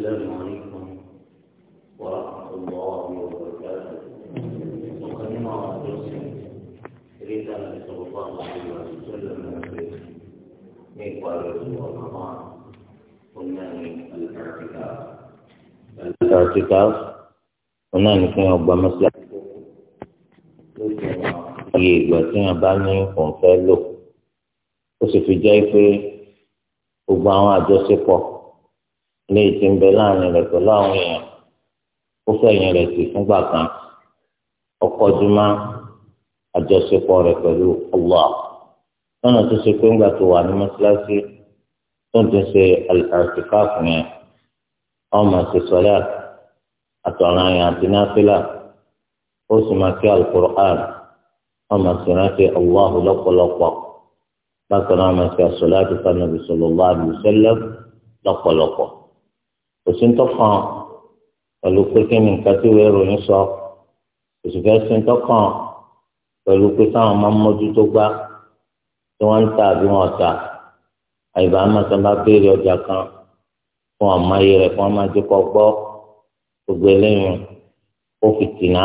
السلام عليكم ورحمة الله وبركاته مقدمة درس ريت أن صلى الله عليه وسلم من قال رمضان قلنا الاعتكاف الاعتكاف قلنا أن كنا ربما مسلك iye ìgbà tí wọn bá ní òun fẹ́ lò ó sì fi jẹ́ pé gbogbo àwọn àjọṣepọ̀ ilé ìtì ń bẹ láàrin rẹ̀ pẹ̀lú àwọn èèyàn ó fẹ̀yìn rẹ̀ sì fúngbà kan ọkọ̀ jùmọ̀ àjọṣepọ̀ rẹ̀ pẹ̀lú Allah lọ́nà tó ṣe pé ńgbà tó wà ní mọ́ṣáláṣí tó ń tún ṣe àlùfáàfù yẹn wọ́n máa ṣe sọ́lá àtọ̀ràn yẹn àti náfìlà ó sì máa kí alukur'an wọ́n máa ṣe rántí Allah lọ́pọ̀lọpọ̀ bákan náà máa ṣe àṣọlá àti sanabi sallallahu alaihi wasallam lọ́pọ̀lọpọ̀ kò sí ń tọ́kàn pẹ̀lú pé kí ni nǹkan tí ìwé ìròyìn sọ kò sì fẹ́ sí ń tọ́kàn pẹ̀lú pé káwọn máa ń mójútó gbá tí wọ́n ń ta àbí wọ́n ta àyíbá amọ̀tá bá béèrè ọjà kan fún àmọ́yé rẹ̀ fún ọmọdé kọ́ gbọ́ gbogbo eléyìí ó fi tìǹà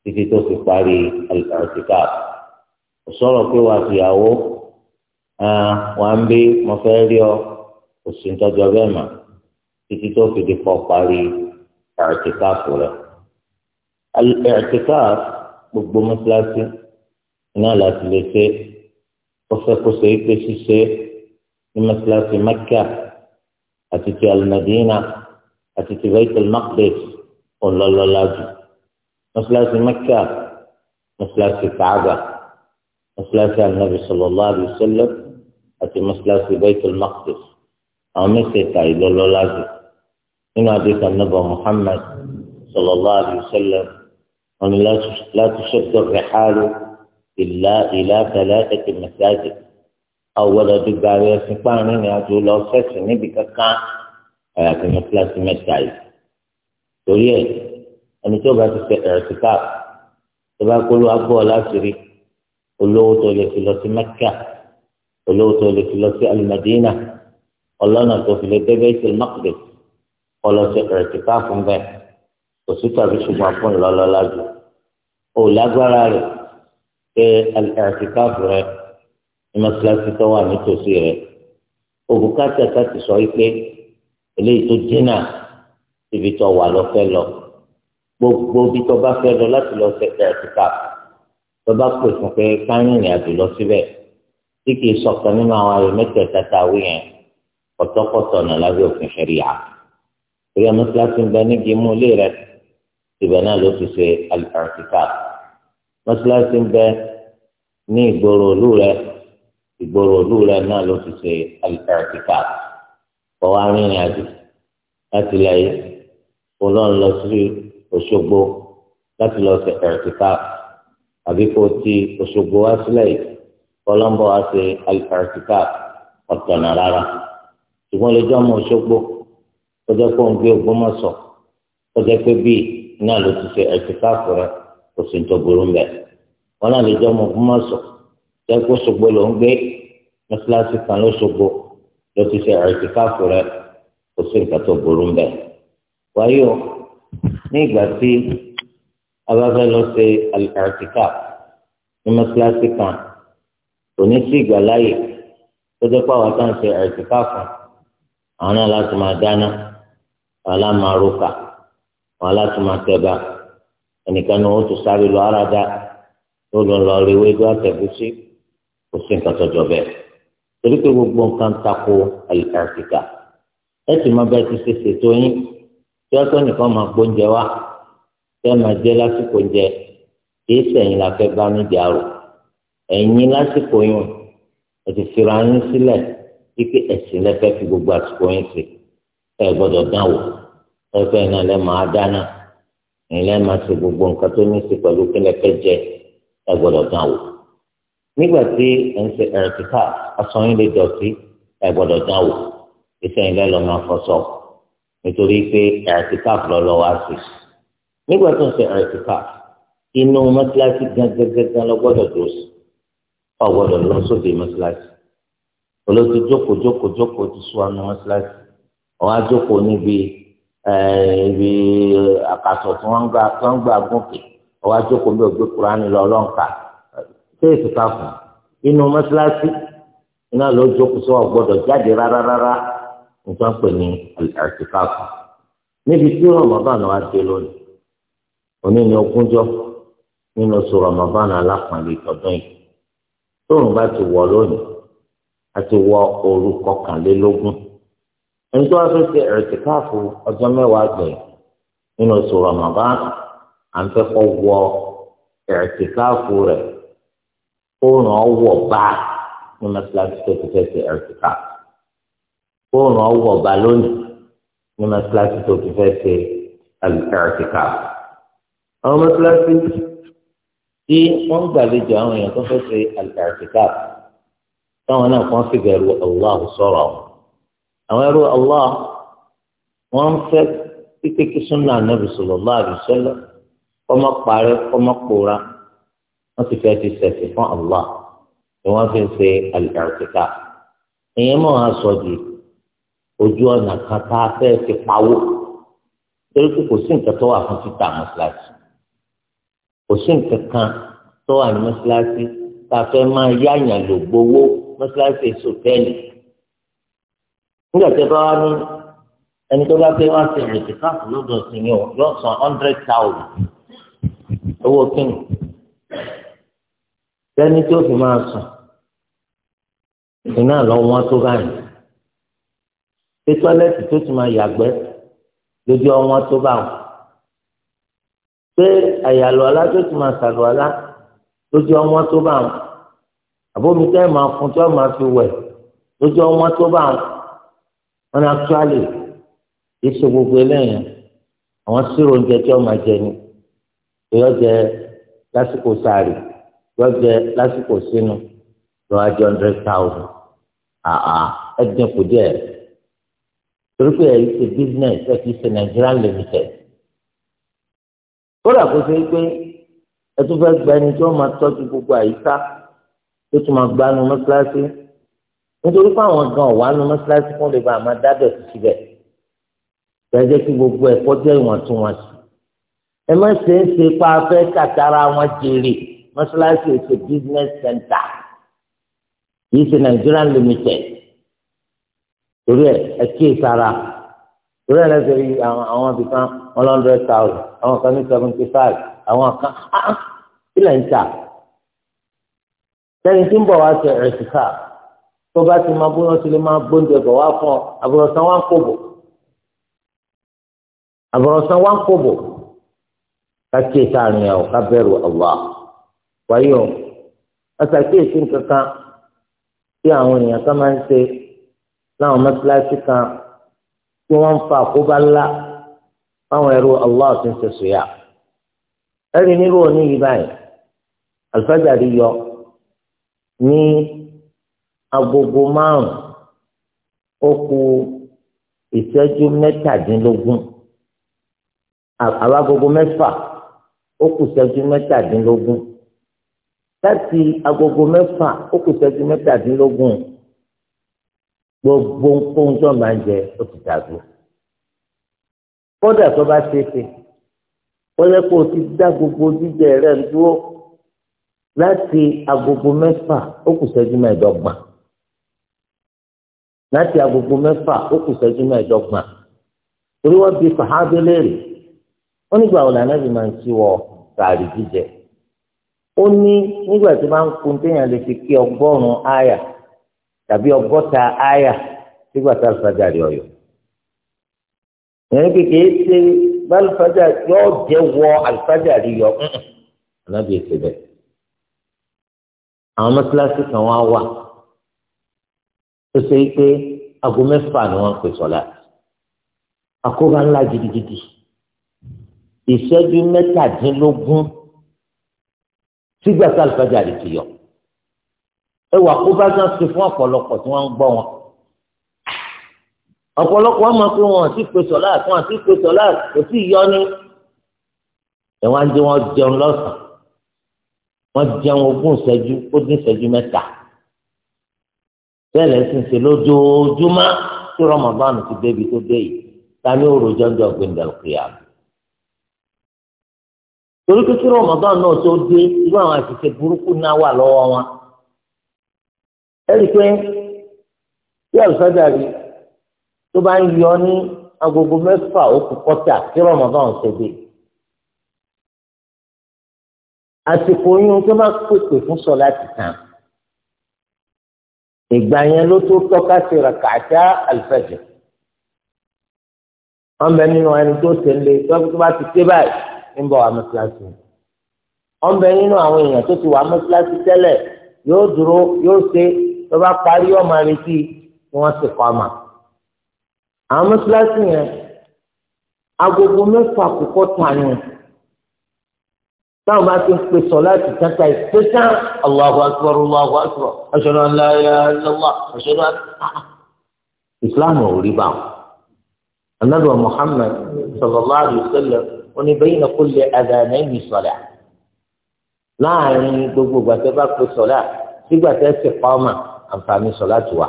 títí tó fi parí àlùkàtìkà kò sọ̀rọ̀ pé wàá fìyàwó wàá ń bí mo fẹ́ rí ọ kò sí mọ́. títí tó fi di kọ́ parí ẹ̀ẹ́tìkáàfù rẹ̀. ẹ̀ẹ́tìkáàfù gbogbo mọ́sálásí iná láti lè ṣe kọ́sẹ́kọ́sẹ́ ipe ṣíṣe ní mọ́sálásí Mẹ́kà àti ti Al-Madina àti ti Baitul Maqdis ọlọ́lọ́lájú. mọ́sálásí Mẹ́kà mọ́sálásí Kaaba mọ́sálásí Al-Nabi sallallahu alaihi wasallam àti mọ́sálásí Baitul Maqdis àwọn mẹ́sẹ̀ẹ̀ta ìlọ́lọ́lájú. nínú àdéhùn anábọ̀ Muhammad sallallahu alayhi wa sallam wọn ni láti ṣètò rẹ̀hálù ìlà ìlà tẹ̀lé ẹ̀kẹ́ mẹ́sáàgì àwọ̀dà dùgbà rẹ̀ sí páàrin ní àjò lọ fẹ́sì níbi kankan àyàfi ní kíláàsì mẹ́ta yìí torí ẹ̀ ẹni tó bá ti fẹ́ ẹ̀rọ̀sì káàpù tó bá kó ló wá bọ̀ láti rí olówó tó lè fi lọ sí Mẹ́kà olówó tó lè fi lọ sí Al-Madina ọlọ́nà tó fi lè débẹ́ sí Al-Maqdis ọlọsẹ ẹrẹtìká fún bẹ́ẹ̀ kò sí tàbí ṣùgbọ́n fún ìlọlọlá jù ó lágbára rẹ̀ pé ẹrẹtìká fún rẹ̀ ní mọ́sálásí tó wà nítòsí rẹ̀ òbúkátà káti sọ pé eléyìí tó dínà ibi tó wà lọ fẹ́ lọ gbogbo bí tó bá fẹ́ lọ láti lọ ṣe ẹrẹtìká tó bá pè fún pé kárìnrìn àjò lọ síbẹ̀ tí kìí sọ̀kan nínú àwọn ayò mẹ́tẹ̀ẹ̀ta tá a wí yẹn pọ̀tọ́pọ̀tọ̀ ọ̀nà lábẹ́ òfin ṣẹ̀ríyà torí ọmọ síláṣí ń bẹ nígi mú ilé rẹ ibẹ̀ náà ló ti ṣe àlùkàǹtìkà ọmọ síláṣí ń bẹ ní ìgboro òlú rẹ ìgboro òlú rẹ náà ló ti ṣe àlùkàǹtìkà ọwọ́ arìnrìn àjò láti lẹ́yìn olóòn lọ sí Òṣogbo láti lọ ṣe àlùkàǹtìkà àbí kò ti Òṣogbo wá sílẹ̀ yìí kọlọmbọ wá ṣe àlùkàǹtìkà ọ̀tọ̀nà rárá ṣùgbọ́n lójú ọmọ Òṣogbo kọjá pé òun gbé Ògbómọ̀ṣọ́ kọjá pé bíi náà ló ti ṣe ẹtìkáàfù rẹ kò sì ń tó burú mbẹ wọn náà lè jẹ ọmọ Ògbómọ̀ṣọ́ jẹ kó Ṣògbó ló ń gbé mọ́ṣáláṣí kan ló Ṣògbó ló ti ṣe ẹtìkáàfù rẹ kò sí nǹkan tó burú mbẹ wáyé o ní ìgbà tí abáfẹ́ lọ ṣe àlìkàtìkà ní mọ́síláṣí kan kò ní sí ìgbà láàyè pé àwọn táwọn ṣe àlìkàtìkà fún àwọn náà láti máa dáná wọn aláma roka wọn alátuma tẹba ẹnìkan ni wọn tún sáré lọ aráda tó lọ lọ rí wéjú àtẹgúsí kò sí nǹkan tọjọ bẹ́ẹ̀ torí pé gbogbo nǹkan tako àlìkàtìkà ẹ sì máa bá ti ṣe ṣètò yín tí wọn tó nìkan máa gbóúnjẹ wá tí máa jẹ lásìkò oúnjẹ kì í la fẹ́ bá nídìí àrò ẹ̀yin lásìkò yín ẹ̀sìn fira yín sílẹ̀ wípé ẹ̀sìn lẹ́fẹ́ fi gbogbo àsìkò yín sí ẹ̀ gbọ́dọ̀ dán ẹgbẹ́ náà lẹ́ máa dáná ìlẹ́ máa ṣe gbogbo nǹkan tó ní í ṣe pẹ̀lú kílẹ̀kẹ́ jẹ ẹ gbọ́dọ̀ dán wò nígbà tí ẹ̀ ń ṣe ẹ̀rẹ̀tìkà asọ́yìn lè dọ̀tí ẹ gbọ́dọ̀ dán wò iṣẹ́ ìlẹ́ lọ máa fọṣọ nítorí pé ẹ̀rẹ̀tìkà lọ́lọ́ wá sí nígbà tó ń ṣe ẹ̀rẹ̀tìkà inú mọ́tíláṣí gangan lọ gbọ́dọ̀ tó sí ọ gbọ́dọ̀ lọ sóde mọ́tíláṣí olóòtú jókòó jókòó jókòó ti sùn àná mọ́tíláṣí ọ̀ Eh, ibi akaso tí wọ́n ń tí wọ́n ń gbà gòkè ọwọ́ àjókòó mi ò gbé lọ ọlọ́ǹkà ṣé ètùkà fún inú iná ló jókòó sọ jáde rárá nǹkan pè ní ètùkà níbi tí rọmọbàánù wa dé lónìí òní a ti wọ ẹni tó wá fẹ́ ṣe ẹ̀rẹ̀tìkáàfù ọjọ́ mẹ́wàá gbẹ̀ nínú oṣù Ramadan à ń fẹ́ kọ́ wọ ẹ̀rẹ̀tìkáàfù rẹ̀ kó ràn ọ́ wọ̀ bá ní mẹ́tíláṣí tó ti fẹ́ ṣe ẹ̀rẹ̀tìkáàfù kó ràn ọ́ wọ̀ bá lónìí ní mẹ́tíláṣí tó ti fẹ́ àwọn mẹ́tíláṣí tí wọ́n gbàlejò àwọn èèyàn tó fẹ́ ṣe táwọn náà kàn fi bẹ̀rù Allah sọ̀rọ̀ àwọn àwọn ẹrú Allah wọ́n ń fẹ́ pípé kí súnà nàbì sallallahu alaihi wasallam kọ́mọ parẹ́ kọ́mọ pòórá wọ́n ti fẹ́ ti sẹ̀sẹ̀ fún Allah ni wọ́n fi ń ṣe àlùkàtìkà ìyẹn mọ̀ á sọ di ojú ọ̀nà kan tá a fẹ́ ti pawó torí pé kò sí nǹkan tó wà fún títà mọ́ṣáláṣí kò sí nǹkan kan tó wà ní mọ́ṣáláṣí tá a fẹ́ máa yáyàn lò gbowó mọ́ṣáláṣí èso tẹ́lẹ̀ nígbà tí ẹ bá wá ní ẹni tó bá fẹ́ wá sí ìrètí káàpù lọ́dọ̀ sí ni ọ yóò san hundred thousand owó kíni sẹ́ni tí ó fi máa sùn iná lọ wọ́n tó báyìí pé tọ́lẹ́tì tó ti máa yàgbẹ́ lójú ọwọ́n tó bá wọn pé àyàlọ́ alá tó ti máa sàlọ́ alá lójú ọwọ́n tó bá àbómi tẹ́ máa fún tí máa fi wẹ̀ lójú ọwọ́n tó bá wọn actually èso gbogbo eléyìn àwọn sírò oúnjẹ tí wọn máa jẹ ni yọ jẹ lásìkò sáré yọ jẹ lásìkò sínú lọ àjọ hundred thousand àà ẹ dínkù díẹ̀ torí pé èyí ti business ẹ ti ṣe Nigerian limited kódà kó ṣe pé ẹ tún fẹ́ gba ẹni tí wọ́n máa tọ́jú gbogbo àyíká tó tún máa gbanú mọ́ṣáláṣí nítorí pé àwọn gan ọ̀wá nu mọ́ṣáláṣí fún lè ba àmọ́ dábẹ̀ sí síbẹ̀ gbẹ̀jẹ̀ kí gbogbo ẹ̀kọ́ jẹ́ ìwọ̀ntúnwọ̀nsì ẹ má ṣe ń ṣe pa afẹ́ kàtàrà wọn jèrè mọ́ṣáláṣí ètò business center yìí ṣe Nigerian limited torí ẹ ẹ kíyè sára torí ẹ lẹ́sẹ̀ rí àwọn àwọn abìkan one hundred thousand àwọn kan ní seventy five àwọn kan ilẹ̀ ah, ah, ń ta sẹ́yìn tí ń bọ̀ wá ṣe ẹ̀ṣin káà tó bá ti máa bóyá ó ti lè máa gbóúnjẹ bọ̀ wá fún ọ àbùrọ̀sán wá ń kòbò àbùrọ̀sán wá ń kòbò kàkíyè sáàrin ẹ̀ ò ká wáyé o ọ̀sàkíyèsí kankan tí àwọn èèyàn kan máa ń ṣe láwọn mọ́tíláṣí kan tí wọ́n ń fa àkóbá ńlá fáwọn ẹrú Allah ti ṣe sùúyà ẹ̀rí nílùú òní báyìí àlùfáàjà rí yọ ní agogo márùn ó kù ìṣẹ́jú mẹ́tàdínlógún àbágogo mẹ́fà ó kù ìṣẹ́jú mẹ́tàdínlógún láti agogo mẹ́fà ó kù ìṣẹ́jú mẹ́tàdínlógún gbogbo nǹkan tó máa ń jẹ ó ti dàgbò kódà tó bá ṣe ó yẹ kó o ti dá gbogbo jíjẹ rẹ dúró láti agogo mẹ́fà ó kù ìṣẹ́jú mẹ́ẹ̀ẹ́dọ́gbọ̀n. láti agogo mẹ́fà ó kù sẹ́jú mẹ́ẹ̀ẹ́dọ́gbọ̀n torí wọ́n bi sàhábé léèrè ó nígbà wo lànà ìgbìmọ̀ ti wọ sàárì jíjẹ ó ní nígbà tí máa kun téèyàn lè fi kí ọgọ́rùn-ún àyà tàbí ọgọ́ta àyà nígbà tá ọyọ kékeré ṣe bá yóò jẹ wọ yọ ọ̀nà bí àwọn mọ́tíláṣí kan wá wà. tó ṣe pé aago mẹ́fà ni wọ́n pè sọ́lá àkóbá ńlá gidigidi ìṣẹ́jú mẹ́tàdínlógún sígbà tí alifájà rẹ̀ ti yọ ẹ wà àkóbá sàn ṣe fún ọ̀pọ̀lọpọ̀ tí wọ́n ń gbọ́ wọn ọ̀pọ̀lọpọ̀ ọmọ pé wọn àti pè sọ́lá wọn àti pè sọ́lá kò sí yọ ni ẹ wá ń jẹ wọn jẹun lọ́sàn-án wọn jẹun ogún ìṣẹ́jú ó dín ìṣẹ́jú mẹ́ta. bẹ́ẹ̀ lẹ́sìn ṣe lójoojúmọ́ tí Ramadan ti débi tó dé yìí ta ni ó rojọ́ ń jọ torí pé kí Ramadan náà tó dé irú àwọn àṣìṣe burúkú náà wà lọ́wọ́ wọn. erikwe pé tí àlùfáàjà rí tó bá ń yọ ní agogo mẹ́fà òkú kọ́tà tí Ramadan ṣe dé àsìkò yín tó bá pèpè fún ìgbà yẹn ló tó tọ́ka sí rakata alifajr wọn bẹ nínú ẹni tó tẹ̀lé tó bá ti ké báyìí ń bọ̀ wá mọ́sálásí wọn bẹ nínú àwọn èèyàn tó ti wá mọ́sálásí tẹ́lẹ̀ yóò dúró yóò ṣe tó bá parí ọmọ àrètí ni wọ́n sì kọ́ ọmọ àwọn mọ́sálásí yẹn agogo mẹ́fà kókó tà ní táwọn bá ti ń pè sọ láti tẹ́tà ìpẹ́tà Allahu akbar Allahu akbar ashhadu an la ilaha illallah ashhadu an. islam ò rí bá wọn. anabi muhammad sallallahu alayhi wa sallam oní bayna kulli adhanayn salah. láàrin gbogbo gbàtẹ́ bá pè sọ láà sígbàtẹ́ sì pa ọmọ àǹfààní sọ láti wà.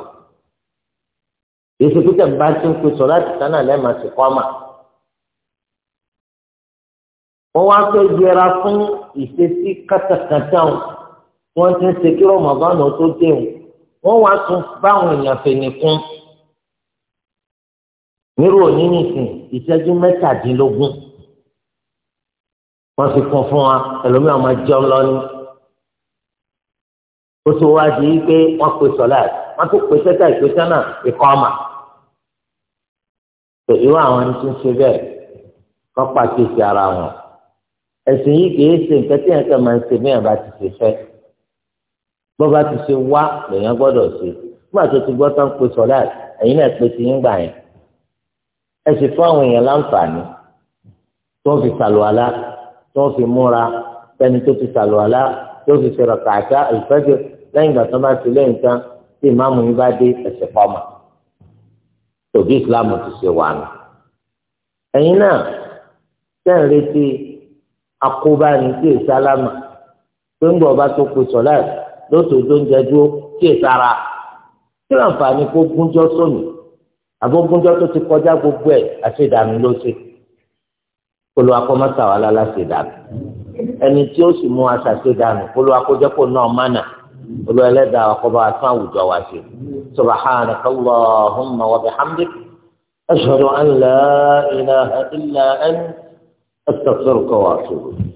èsì pítẹ̀ bá ti ń pè sọ láti tánà lẹ́ẹ̀ma sì pa ọmọ wọ́n wá tó yẹra fún ìṣesí kátàkátà o wọ́n ti ń ṣe kí rọmọbánà tó dé o wọ́n wá tún báwọn èèyàn fèèyàn kún nírú òní nìsín ìṣẹ́jú mẹ́tàdínlógún wọ́n ti kún fún wa ẹlòmíràn máa jẹun lọ́ní ó tó wá di pé wọ́n pe sọ̀lá wọ́n tún pe sẹ́tà ìpèsè náà ikọ́ ọmọ tòyí wọ́n àwọn ẹni tó ń ṣe bẹ́ẹ̀ kọ́ pàṣẹ ti ara wọn ẹ̀sìn yìí kìí ṣe nǹkan tí yẹn kàn máa ń ṣe bí yẹn bá ti ṣe fẹ́ bó bá ti ṣe wá lèyàn gbọ́dọ̀ ṣe nígbà tó ti gbọ́ tán pé sọ̀rọ̀ ẹ̀yin náà pé ti ń gbà yẹn ẹ sì fún àwọn èèyàn láǹfààní tó ń fi sàlùwàlá tó ń fi múra tẹni tó fi sàlùwàlá tó fi ṣe rọ̀kàtà ìfẹ́jọ lẹ́yìn ìgbà tó bá ti lẹ́yìn tán tí ìmáàmù yín bá dé ẹ̀sẹ̀ pọ́mà tòbí ìsìláàmù ti ṣe wà nù ẹ̀yin náà tẹ́ ń retí akóbá ni tí è sálámà pé ń gbọ́ ọba tó kù sọ̀lá lótò tó ń jẹjú tí è sára kí ló ń fà ní kó gúnjọ́ sómi àbógúnjọ́ tó ti kọjá gbogbo ẹ̀ àti ìdààmú ló ṣe kólú akọ́mọ́sà wà lálá ṣe dànù ẹni tí ó sì mú aṣà ṣe dànù kólú akọ́jọ́pọ̀ náà mánà kólú ẹlẹ́dàá ọkọ̀bá àtún àwùjọ wa ṣe subhanaka allahumma wa bihamdik ashhadu an la ilaha illa أستغفرك وأتوب إليك